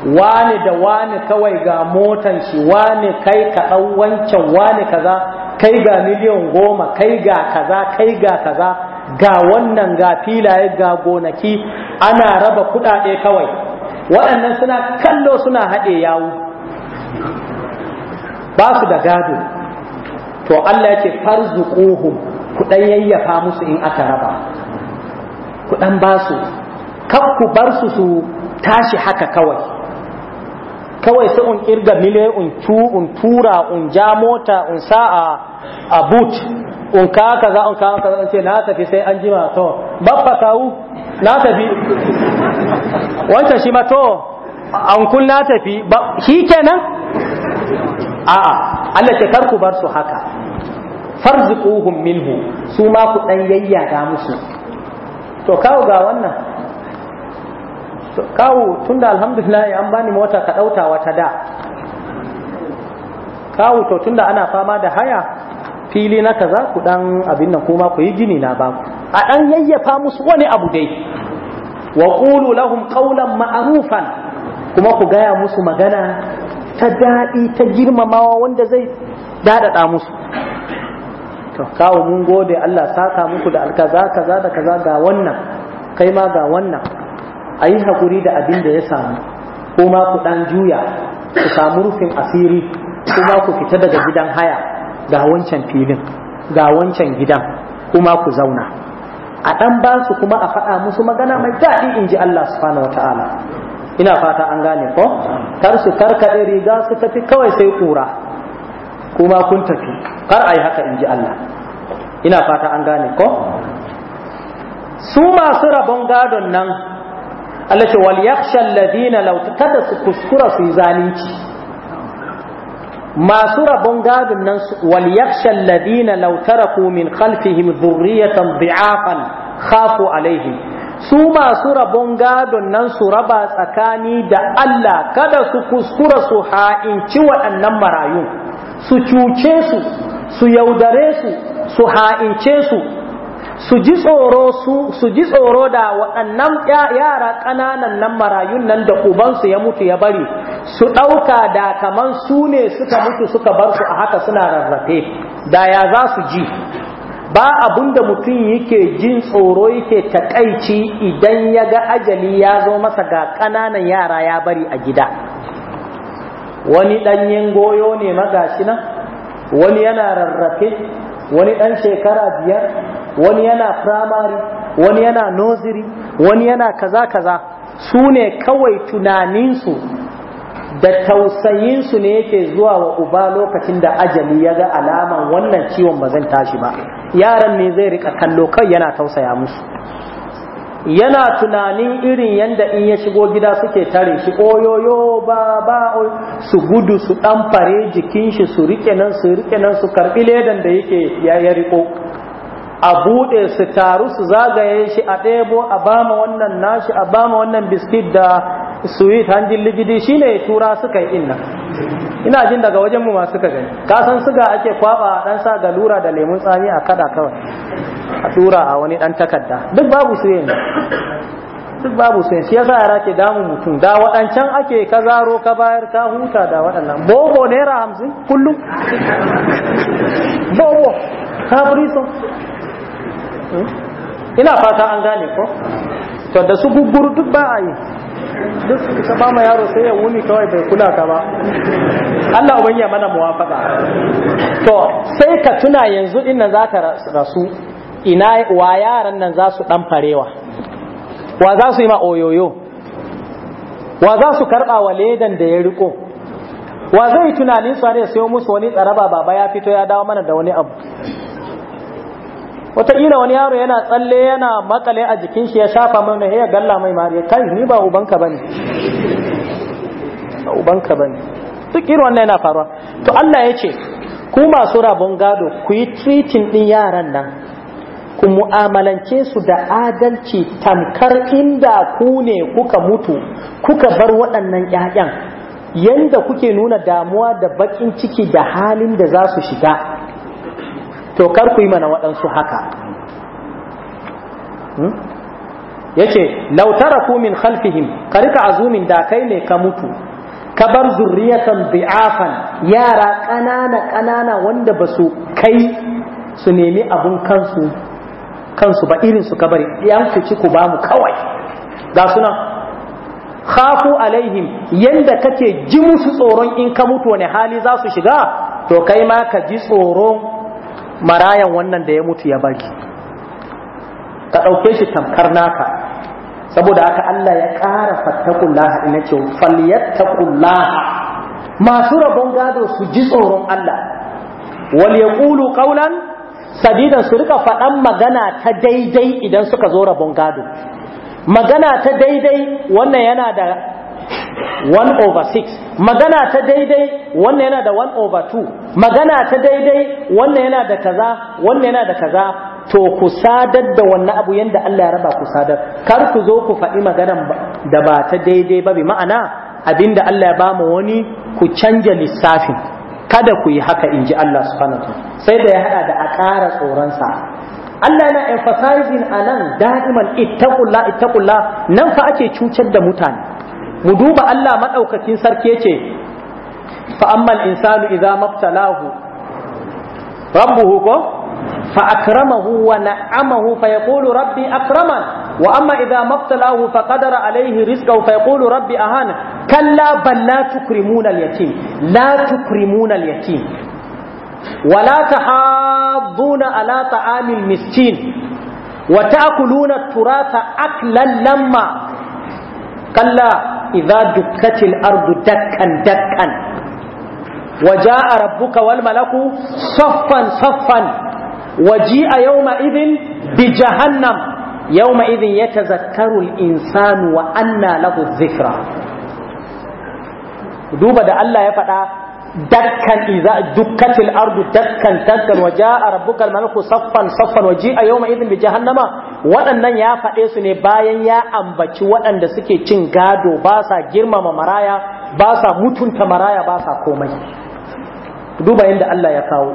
S1: wani da wani kawai ga motan shi wani kai ka ɗau wancan wani kaza kai ga miliyan goma kai ga kaza kai ga kaza ga wannan ga filaye ga gonaki ana raba kuɗaɗe kawai waɗannan suna kallo suna haɗe yawo ba su da gado to Allah ya ce farzuquhum ku dan yayyafa musu in aka raba ku dan ba su kar ku bar su su tashi haka kawai kawai sai un kirga mile un tu un tura un ja mota un sa'a a boot un ka kaza un ka kaza an ce na tafi sai an jima to baffa kawu na
S3: tafi wancan shi
S1: ma to an kun na tafi shi kenan a'a Allah ce kar ku bar su haka farzuquhum minhu su ma ku dan yayyada musu to kawo ga wannan to kawo tunda alhamdulillah an bani mota ka dauta wata da kawo to tunda ana fama da haya fili na kaza ku dan abin nan kuma ku yi gini na ba a dan yayyafa musu wani abu dai wa qulu lahum qawlan ma'rufan kuma ku gaya musu magana ta daɗi ta girmamawa wanda zai daɗaɗa musu kawo mun gode Allah saka muku da alkaza kaza da kaza ga wannan kai ma ga wannan a yi haƙuri da abin da ya samu kuma ku ɗan juya ku samu rufin asiri kuma ku fita daga gidan haya ga wancan filin ga wancan gidan kuma ku zauna a ɗan ba su kuma a faɗa musu magana mai daɗi in ji Allah subhanahu wataala ina fata an gane ko kar su karkaɗe riga su tafi kawai sai ƙura kuma kun tafi kar a yi haka in ji Allah ina fata an gane ko su masu rabon gadon nan Allah ce wal yakhsha alladhina law kada su kuskura su yi masu rabon gadon nan wal yakhsha alladhina law taraku min khalfihim dhurriyatan dhi'afan khafu alaihim su masu rabon gadon nan su raba tsakani da Allah kada su kuskura su ha'inci waɗannan marayun su cuce su su yaudare su su ha'ince su su ji tsoro su tsoro da waɗannan yara ƙananan nan marayun nan da ubansu ya mutu ya bari su ɗauka da kaman su ne suka mutu suka bar su a haka suna rarrafe da ya za su ji ba abun da mutum yake jin tsoro yake takaici idan ya ga ajali ya zo masa ga ƙananan yara ya bari a gida wani ɗanyen goyo ne magashi nan wani yana rarrafe wani ɗan shekara biyar wani yana firamare wani yana noziri wani yana kaza-kaza su ne kawai tunaninsu da tausayinsu ne yake zuwa wa uba lokacin da ajali ya ga alaman wannan ciwon ba zan tashi ba yaran ne zai rika kallo kai yana tausaya musu yana tunanin irin yadda in ya shigo gida suke tare shi oyoyo ba ba su gudu su ɗamfare jikin shi su rike nan su rike nan su karɓi ledan da yake ya riko a buɗe su taru su zagaye shi a ɗebo a bama wannan nashi a bama wannan biskit da sweet hanjin ligidi shine tura suka yi inna ina jin daga wajen mu ma suka gani kasan suga ake kwaba dan sa galura da lemun tsami a kada kawai a tura a wani dan takarda duk babu su yin duk babu su yin siyasa yara ke damun mutum da waɗancan ake ka zaro ka bayar ka huta da waɗannan bobo naira hamsin kullum bobo ka hmm? ina fata an gane ko to da su gugguru duk ba a yi duk ka ba ma yaro sai ya wuni kawai bai kula ka ba Allah ubangi ya mana muwafaka to sai ka tuna yanzu din nan zaka rasu ina wa yaran nan za su dan farewa wa za su yi ma oyoyo wa za su karba wa ledan da ya riko wa zai tunanin su ne sayo musu wani tsaraba baba ya fito ya dawo mana da wani abu wataƙila wani yaro yana tsalle yana makale a jikin shi ya shafa mana ya galla mai mariya kai ni ba ubanka bane ba ubanka bane duk irin wannan yana faruwa to Allah ya ce ku masu rabon gado ku yi treating din yaran nan ku mu'amalance su da adalci tamkar inda ku ne kuka mutu kuka bar waɗannan ƴaƴan yanda kuke nuna damuwa da baƙin ciki da halin da za su shiga to kar ku yi mana waɗansu haka Ya hmm? yace lautara ku min khalfihim karika azumin da kai ne ka mutu ka bar zurriyatan bi'afan yara ƙanana ƙanana wanda ba su kai su nemi abun kansu kansu ba irin su bari yan ku ci ku ba mu kawai ga suna khafu alaihim yanda kake ji musu tsoron in ka mutu wani hali za su shiga to kai ma ka ji tsoron marayan wannan da ya mutu ya bari ka ɗauke shi tamkar naka saboda aka Allah ya ƙara fattakullaha ina ce falyattakullaha masu rabon gado su ji tsoron Allah wal ƙulu ƙaunan sadidan su rika faɗan magana ta daidai idan suka zo rabon gado magana ta daidai wannan yana da 1 over 6 magana ta daidai wannan yana da 1 over 2 magana ta daidai wannan yana da kaza wannan yana da kaza to ku sadar da wannan abu yanda Allah ya raba ku sadar kar ku zo ku faɗi maganan da ba ta daidai ba bi ma'ana abinda Allah ya bamu wani ku canja lissafin kada ku yi haka in ji Allah subhanahu sai da ya hada da a ƙara tsoronsa Allah yana emphasizing a nan da'iman ittaqullah ittaqullah nan fa ake cutar da mutane mu duba Allah maɗaukakin sarki ce. fa ammal insanu idza mabtalahu rabbuhu ko fa akramahu wa na'amahu fa yaqulu rabbi akraman wa amma idza mabtalahu fa qadara alayhi rizqahu fa yaqulu rabbi ahana kalla bal la tukrimuna al-yatim la tukrimuna al-yatim ولا تحاضون على طعام المسكين وتأكلون التراث aklan lamma. kalla idza dukkatil ardu dakkan dakkan wa jaa rabbuka wal malaku saffan saffan wa yawma idhin bi jahannam yawma idhin yatazakkaru al insanu wa anna lahu dhikra duba da Allah ya faɗa dakkan iza dukkatil ardu dakkan dakkan wa jaa rabbukal malaku saffan saffan wa jaa yawma idhin bi jahannama waɗannan ya faɗe su ne bayan ya ambaci waɗanda suke cin gado ba sa girmama maraya ba sa mutunta maraya ba sa komai duba yadda Allah ya kawo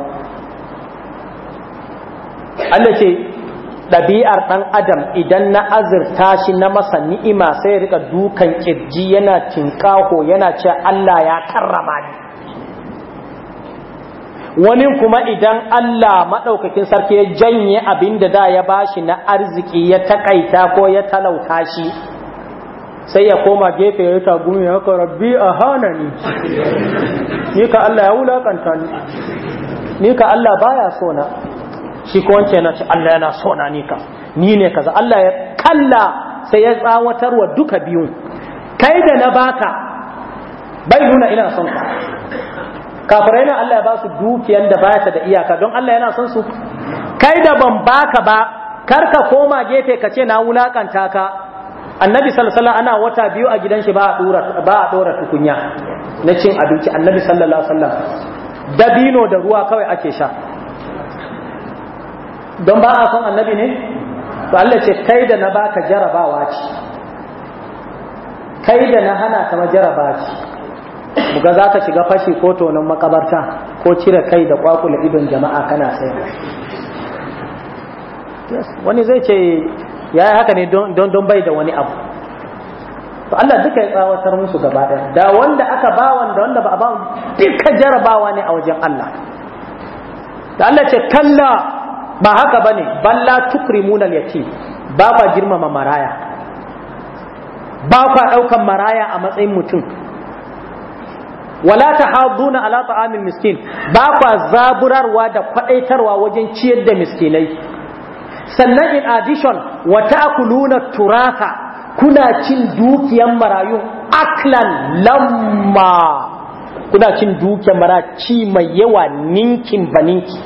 S1: Allah ce ɗabi'ar ɗan adam idan na azurta shi na masa ni'ima sai ya rika dukan kirji yana tinkaho yana ce Allah ya karrama ni wani kuma idan Allah maɗaukakin sarki ya janye abin da da ya bashi na arziki ya takaita ko ya talauta shi sai ya koma gefe ya ta gumi ya ka rabbi a hana ni ni ka Allah ya wulakanta ni ni ka Allah baya sona shi ko wance na ce Allah yana sona ni ka ni ne kaza Allah ya kalla sai ya tsawatarwa duka biyun kai da na baka bai nuna ina son ka kafirai na Allah ya ba su dukiyar da ba ta da iyaka don Allah yana son su kai da ban baka ba kar ka koma gefe ka ce na wulakanta ka annabi sallallahu ana wata biyu a gidan shi ba a dora ba a dora tukunya na cin abinci annabi sallallahu alaihi wasallam dabino da ruwa kawai ake sha don ba a son annabi ne to Allah ce kai da na baka jarabawa ce kai da na hana kama jarabawa ce buga za ka shiga fashi ko tonon makabarta ko cire kai da kwakula idon jama'a kana sayarwa wani zai ce ya yi haka ne don bai da wani abu to Allah duka ya tsawatar musu gaba ɗaya da wanda aka ba wanda wanda ba a ba duka jarabawa ne a wajen Allah da Allah ce kalla ba haka bane balla ya yatim ba ba girmama maraya ba kwa ɗaukan maraya a matsayin mutum wala ta haduna ala ta'amil miskin ba kwa zaburarwa da kwadaitarwa wajen ciyar da miskinai sannan in addition wa ta'kuluna turatha kuna cin dukiyan marayu aklan lamma kuna cin dukiyan mara ci mai yawa ninkin baninki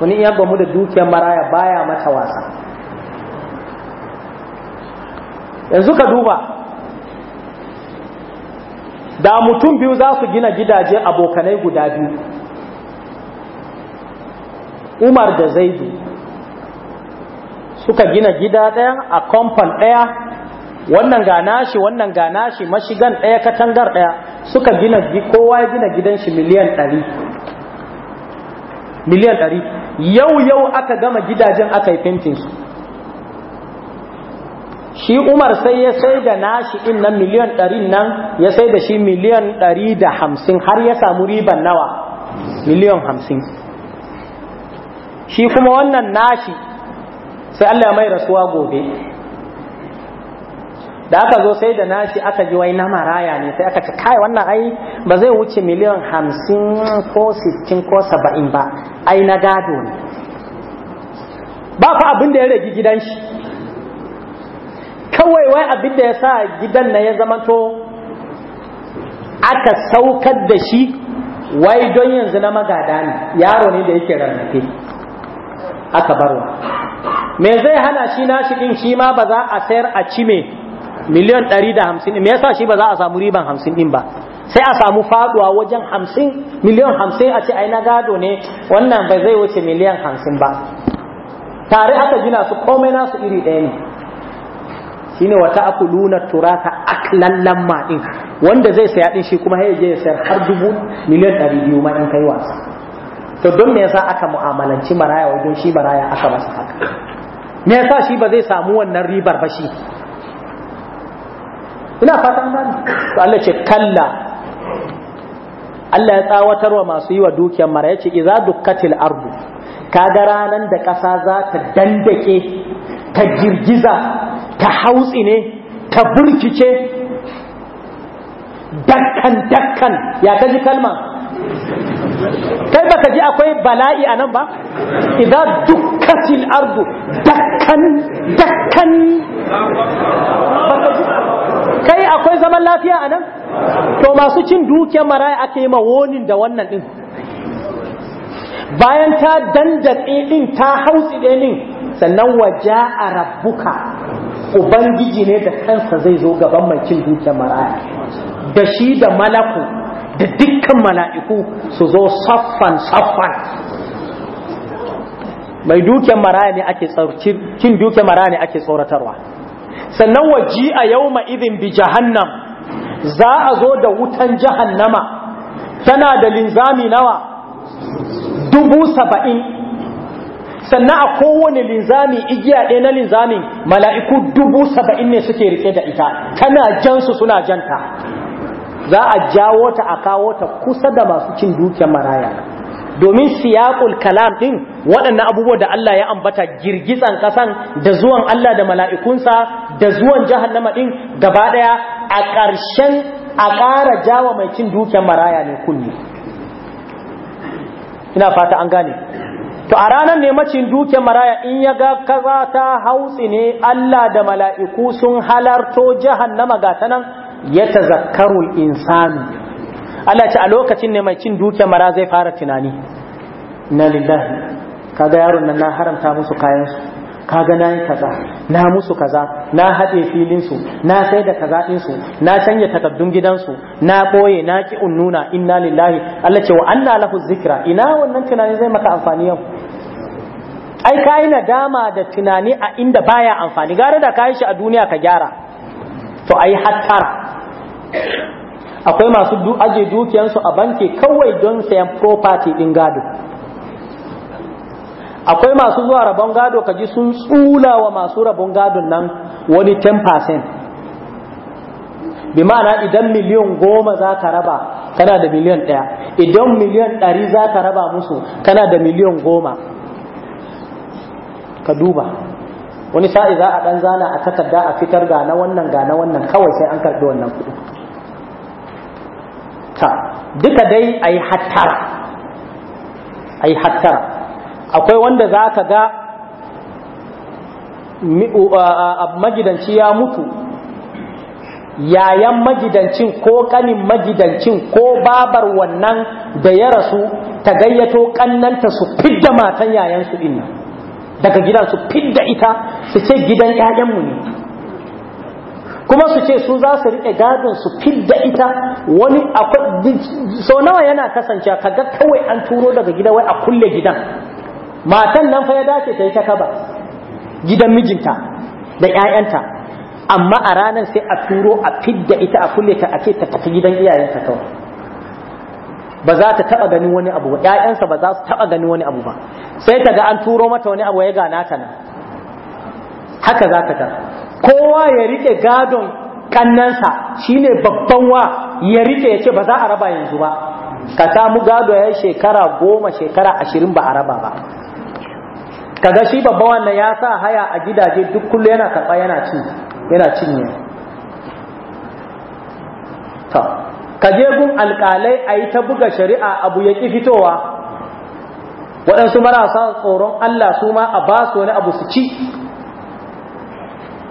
S1: wani iya mu da dukiyan maraya baya mata wasa yanzu ka duba da mutum biyu za su gina gidaje abokanai guda biyu umar da zaidu suka gina gida ɗaya a kompan ɗaya wannan ga nashi wannan ga nashi mashigan ɗaya katangar ɗaya suka gina kowa ya gina gidan shi miliyan ɗari miliyan ɗari yau yau aka gama gidajen aka yi su. shi umar sai ya sai da nashi din nan miliyan ɗari nan ya sai da shi miliyan ɗari da hamsin har ya samu riban nawa miliyan hamsin shi kuma wannan nashi sai Allah mai rasuwa gobe da aka zo sai da nashi aka ji wai na maraya ne sai aka ce kai wannan ai ba zai wuce miliyan hamsin ko sittin ko saba'in ba ai na gado ne ba fa abin da ya rage gidan shi kawai wai abin da ya sa gidan na ya zamanto aka saukar da shi wai don yanzu na magada ne yaro ne da yake rarrafe aka barwa me zai hana shi na ɗin shi ma ba za a sayar a cime miliyan 150 me yasa shi ba za a samu riban 50 din ba sai a samu faduwa wajen 50 miliyan 50 a ce ai na gado ne wannan bai zai wuce miliyan 50 ba tare aka gina su komai nasu iri ɗaya ne shine wata akuluna turata aklan lamma din wanda zai saya din shi kuma yaje ya sayar har dubu miliyan 200 ma in kai wasa to don me yasa aka mu'amalanci maraya wajen shi maraya aka masa haka me yasa shi ba zai samu wannan ribar ba shi ina fatan nan to Allah ce kalla Allah ya tsawatar wa masu yi wa dukiyar mara ya ce iza dukkatil ardu kaga ranan da ƙasa za ta dandake ta girgiza ta hautsi ne ta burkice dakkan dakkan ya ji kalma kai baka ji akwai bala'i a nan ba idan dukkanin ardu dakkan dakkan kai akwai zaman lafiya a nan to masu cin dukiyar maraya ake yi ma wonin da wannan din bayan ta dandatse din ta hausi din sannan waja a rabbuka ubangiji ne da kansa zai zo gaban mai cin dukiyar da shi da malaku da dukkan mala'iku su zo saffan saffan mai dukiyar maraya ne ake cin dukiyar ne ake tsoratarwa sannan waji a yau idin bi jahannam za a zo da wutan jahannama tana da linzami nawa dubu saba'in sannan a kowane linzami igiya ɗaya na linzamin mala'iku dubu saba'in ne suke rike da ita tana jansu suna janta za a jawo ta a kawo ta kusa da masu cin dukiyar maraya domin siyaqul kalam ɗin, waɗannan abubuwa da Allah ya ambata girgitsan ƙasan da zuwan Allah da mala'ikunsa da zuwan jahannama ɗin, gaba ɗaya a ƙarshen a ƙara jawa mai cin dukiyar maraya ne kunne ina fata an gane to a ranar ne macin duke maraya in ya ga kaza ta hausi ne Allah da mala'iku sun halarto jahannama ga ta nan ya tazakkarul insani Allah ce a lokacin ne mai cin duke mara zai fara tunani na lillahi kaga yaron nan na haramta musu kayan su kaga na kaza na musu kaza na haɗe su na sai da kaza ɗinsu na canja takardun gidansu na ɓoye na ki unnuna inna lillahi Allah ce wa anna lahu zikra ina wannan tunani zai maka amfani yau ai ka yi nadama da tunani a inda baya amfani gara da kayi shi a duniya ka gyara to ai hattar. akwai masu aje dukiyansu a banki kawai don sayan property din gado akwai masu zuwa rabon gado kaji sun tsula wa masu rabon gadon nan wani 10% bi ma'ana idan miliyan goma za ka raba kana da miliyan ɗaya idan miliyan dari za ka raba musu kana da miliyan goma ka duba wani sa'i za a ɗan zana a takarda a fitar ga na wannan ga na wannan kawai sai an karɓi wannan kuɗi ta duka dai a yi a yi hattara akwai wanda za ka ga magidanci ya mutu yayan magidancin ko kanin magidancin ko babar wannan da ya rasu ta gayyato kannanta su fidda matan yayansu inna daga gidan su fidda ita su ce gidan yayanmu ne kuma su ce su za su riƙe gadon su fidda ita wani akwai so nawa yana kasance kaga kawai an turo daga gida wai a kulle gidan matan nan fa ya dace ta yi ta kaba gidan mijinta da 'ya'yanta amma a ranar sai a turo a fidda ita a kulle ta ake ta tafi gidan iyayenta kawai ba za ta taba ganin wani abu ba ƴaƴansa ba za su taba ganin wani abu ba sai ta ga an turo mata wani abu ya gana ta nan haka za ta ta kowa ya rike gadon kannansa shine babban wa ya rike ya ce ba za a raba yanzu ba ka samu gado ya shekara goma shekara ashirin ba a raba ba kaga shi babba wannan ya sa haya a gidaje duk kullum yana karɓa yana ci yana cinye ta kaje gun alƙalai a yi ta buga shari'a abu ya ƙi fitowa waɗansu marasa tsoron Allah su ma a ba su wani abu su ci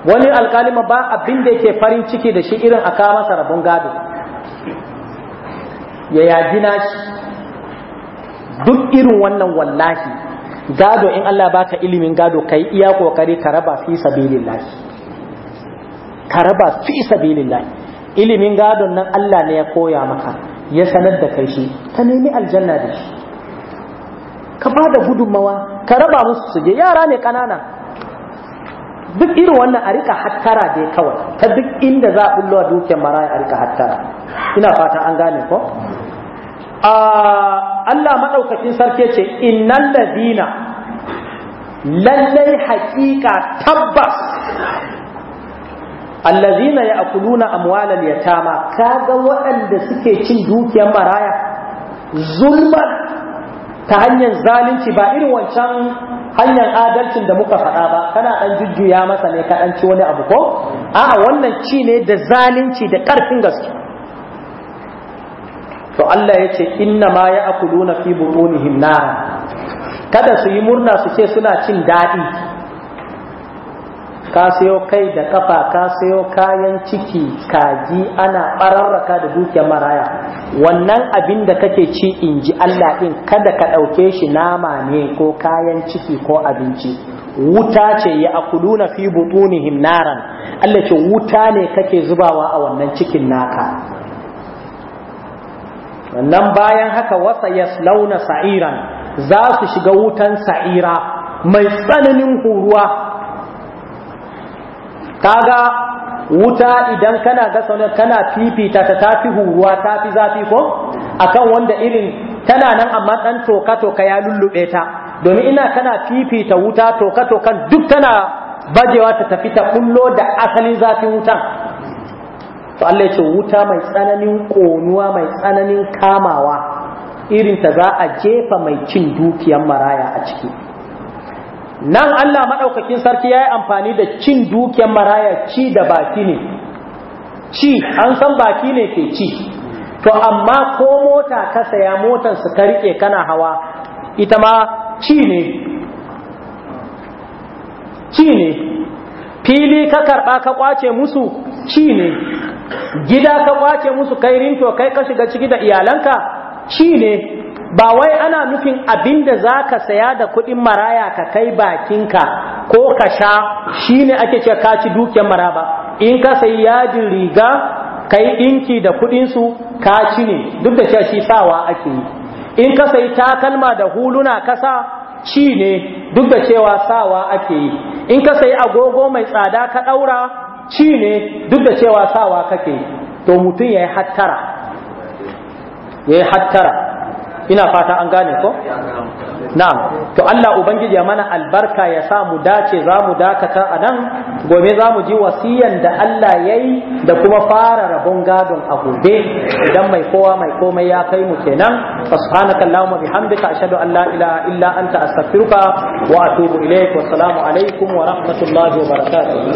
S1: wani alƙalima ba abin da yake farin ciki da shi irin a kama masa rabon gado ya yaji shi duk irin wannan wallahi gado in Allah baka ilimin gado kai iya kokari ka raba fi sabilillah ka raba fi sabilillah ilimin gadon nan Allah ne ya koya maka ya sanar da kai shi ka nemi aljanna da shi ka bada gudunmawa ka raba musu su yara ne kanana duk irin wannan a rika hattara dai kawai ta duk inda za a dukiyan dukiyar maraya a rika hattara ina fata an gane ko Allah maɗaukacin sarki ce innan ladina lallai haƙiƙa tabbas allazina ya akuluna amwalar ka ga waɗanda suke cin dukiyar maraya Zulmar ta hanyar zalunci ba irin wancan hanyar adalcin da muka faɗa ba kana ɗan jujjuya masa ne ka ɗan wani abu ko a'a wannan ci ne da zalunci da ƙarfin gaske to Allah ya ce inna ma ya akuluna fi butunihim nara kada su yi murna su ce suna cin daɗi ka sayo kai da ƙafa, ka sayo kayan ciki kaji ana ɓararraka da dukiyar maraya wannan abin da kake ci in ji Allah ɗin kada ka ɗauke shi nama ne ko kayan ciki ko abinci wuta ce ya akuluna fi butunihim naran Allah ce wuta ne kake zubawa a wannan cikin naka nan bayan haka wasa launa sa'iran za su shiga wutan sa'ira mai tsananin huruwa kaga wuta idan kana ga sauna kana fifita ta tafi huruwa tafi zafi ko akan wanda irin tana nan amma dan toka toka ya lullube ta domin ina kana fifita wuta toka tokan duk tana bajewa ta tafi ta kullo da asalin zafin wutan to Allah ya ce wuta mai tsananin ƙonuwa mai tsananin kamawa irin ta za a jefa mai cin dukiyan maraya a ciki nan Allah maɗaukakin sarki ya yi amfani da cin dukiyan maraya ci da baki ne ci an san baki ne ke ci to amma ko mota ka saya motar su ka riƙe kana hawa ita ma ci ne ci ne fili ka karɓa ka ƙwace musu ci ne gida ka kwace musu kai rinto kai ka shiga ciki da iyalanka shi ne ba wai ana nufin abin da za ka saya da kuɗin maraya ka kai bakinka ko ka sha shi ne ake ce ka ci dukiyar mara ba in ka sayi yajin riga kai yi ɗinki da kuɗinsu ka ci ne duk da cewa shi sawa ake yi in ka sayi takalma da huluna kasa ci ne duk da cewa sawa ake yi in ka sayi agogo mai tsada ka ɗaura ci ne duk da cewa sawa kake to mutum ya yi hattara ya yi hattara ina fata an gane ko na'am to Allah ubangiji ya mana albarka ya sa mu dace za mu dakata a nan gobe za mu ji wasiyan da Allah ya yi da kuma fara rabon gadon a gobe idan mai kowa mai komai ya kai mu kenan subhanaka allahumma bihamdika ashhadu an la ilaha illa anta astaghfiruka wa atubu ilaik wa assalamu alaikum wa rahmatullahi wa barakatuh